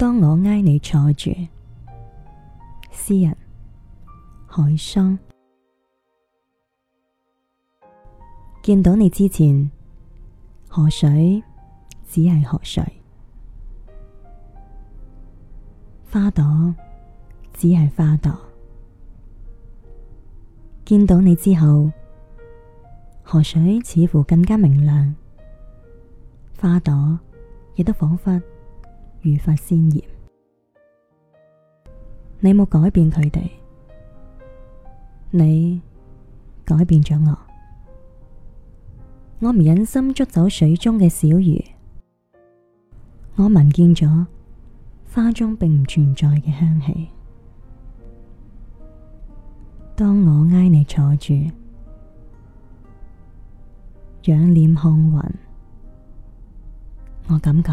當我挨你坐住，詩人海桑見到你之前，河水只係河水，花朵只係花朵。見到你之後，河水似乎更加明亮，花朵亦都仿佛。愈發鮮艷。你冇改變佢哋，你改變咗我。我唔忍心捉走水中嘅小魚。我聞見咗花中並唔存在嘅香氣。當我挨你坐住，仰臉看雲，我感覺。